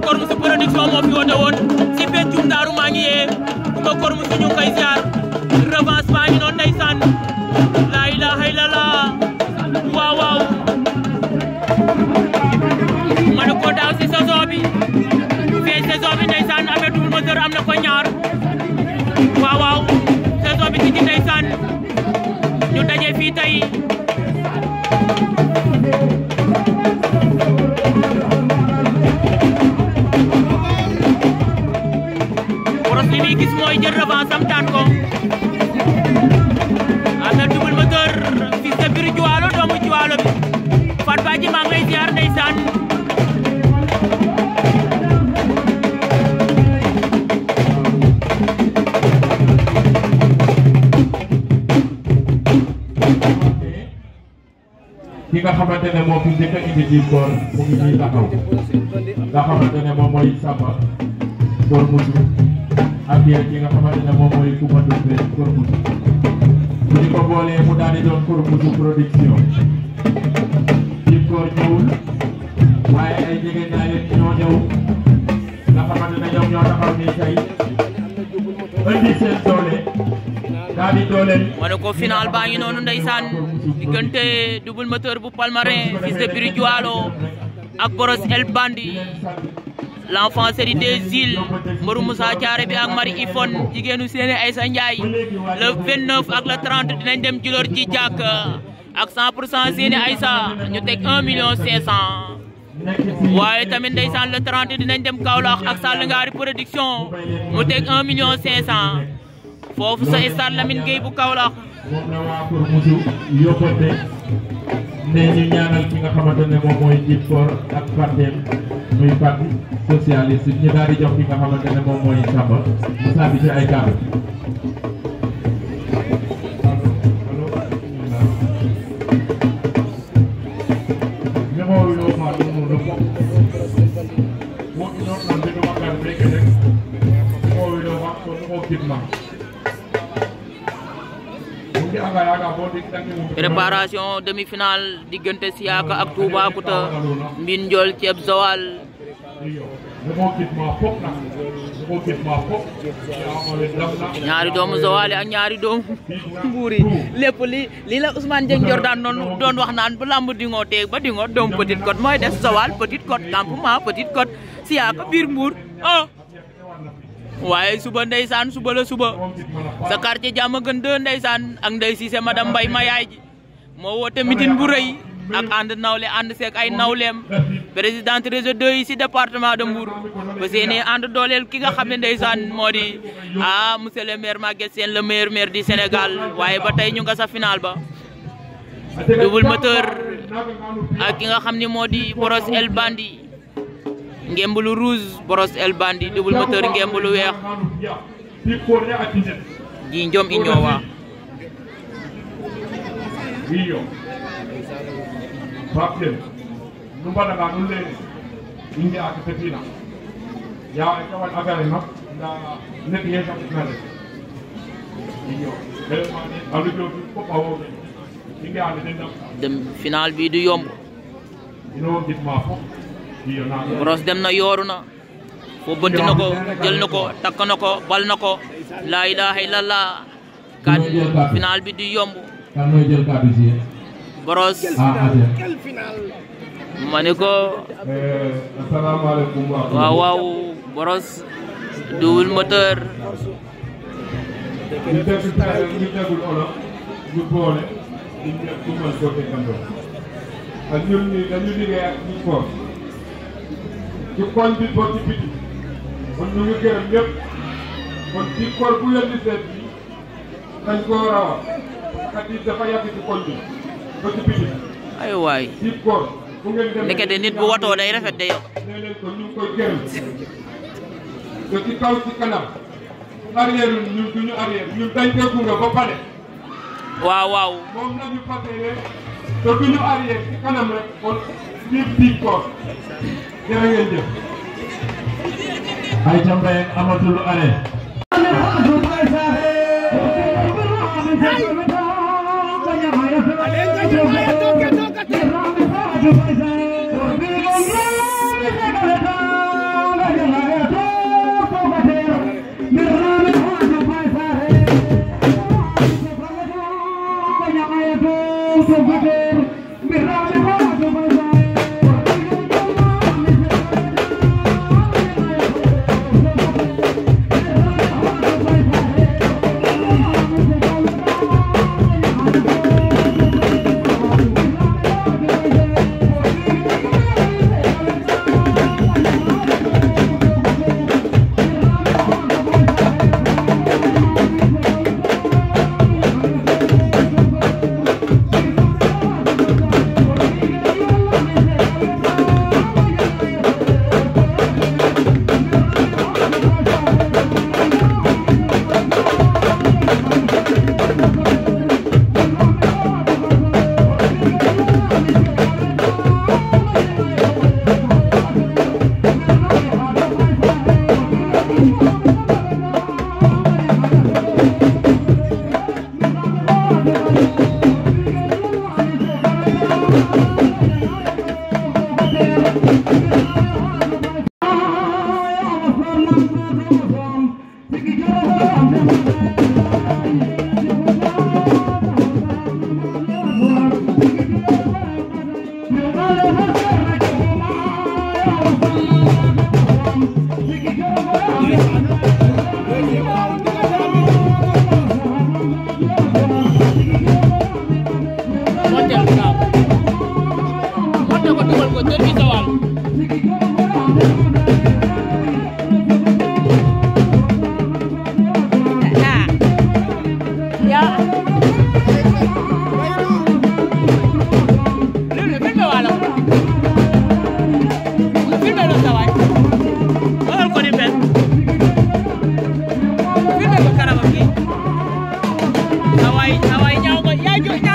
Kormus production moo fi woote woon si pencum Daaru maa ngi yee Kumba Kormus ñu ngi koy ziar revanche baa ngi noonu ndeysaan laa ilaaha illallah waaw ma ne ko daaw si saison bi fee saison bi ndeysaan amee double moteur am na ko ñaar waaw waaw saison bi ci ndeysaan ñu fii tey ki nga xamante ne moo fi njëkk a indi jiib koor mu ngi nii taxaw nga xamante ne moom mooy Samba koor musu ak yéen ki nga xamante ne moom mooy Kumba Dumbe koor musu bu ñu ko boolee mu daal di doon koor musu production jiib koor ñëwul waaye ay jege naa leen ñoo ñëw nga xamante ne ñoom ñoo taxaw nii tey indi seen doole ma ne ko final baa ngi noonu ndeysaan diggante double moteur bu Palmarin fils de Biri Diallo ak Brosse El Bandit l'enfant série des îles mbaru Moussa Thiaré bi ak Marie Yvonne jigéenu Séné Aïssa Ndiaye le 29 ak le 30 dinañ dem Djilor ji jàkk ak 100 pour cent Séné Aïssa ñu teg 1 million 500. waaye tamit ndeysaan le 30 dinañ dem Kaolack ak Sall Ngari production mu teg million 500. foofu sa stade Lamine Gueye bu Kaolack moom la waa pour musu yokkante ne ñu ñaanal ki nga xamante ne moom mooy njiit koor ak parteem muy parti socialiste ñu daal di jox ki nga xamante ne moom mooy Samba mu sàbbi ci ay kàddu préparation demi-finale diggante Siaka ak Toubacouta Mbine Ndiol Thieb Joal ñaari doomu Joal ak ñaari doomu Mbour yi lépp li lii la Ousmane Dieng Jordan doon doon wax naan bu lamb dingo teeg ba dingo doomu Petite mooy des Joal Petite Côte campement Petite biir Mbour oh waaye suba ndeysaan suba la suba sa quartier jàmm gën ndeysaan ak ndey Cissé madame Mbaye ma yaay ji moo woote mitin bu rëy ak ànd nawle ànd seek ay nawleem présidente réseau 2 si département de Mbour ba seeni ànd dooleel ki nga xam ne ndeysaan moo di ah monsieur le maire Maguette Sène le meilleur maire du Sénégal waaye ba tey ñu nga sa final ba double moteur ak ki nga xam ne moo di Brosse El Bandi ngembulu rouge boros el bandi double moteur ngembulu weex ji njom i ñowa iyo papien nu mbaɗanga ɗum leydi inde ake tetina yawa ƴawan affaire ma nda neɗɗo yeesaɓe iyo alu final video. du Brosse dem na yooru na fo bënti ko jël na ko takk ko bal na ko laa ilaaha illallah kat final bi du yomb Brosse ah, ah, ma ne ko eh, waaw waaw Brosse Double Moteur ak ñun ñu dañu liggéey ak ci koñ bi ba ci biti kon ñu ngi gërëm ñëpp kon ci koor bu leen di seet bi dañ koo a wax kat yi dafa yàgg ci koñ bi ba ci ay waay ci koor bu ngeen nit bu watoo day rafet de yow. nee ci kaw ci kanam arrière ñun duñu arrière ñun dañ koy gunge ba pare. waaw waaw. moom la ñu fas yéene te duñu ci kanam rek kon nit ci koor. भई चंपे अमर अरे Hawaii, Hawaii, Hawaii, Hawaii, Hawaii, Hawaii, Hawaii, Hawaii,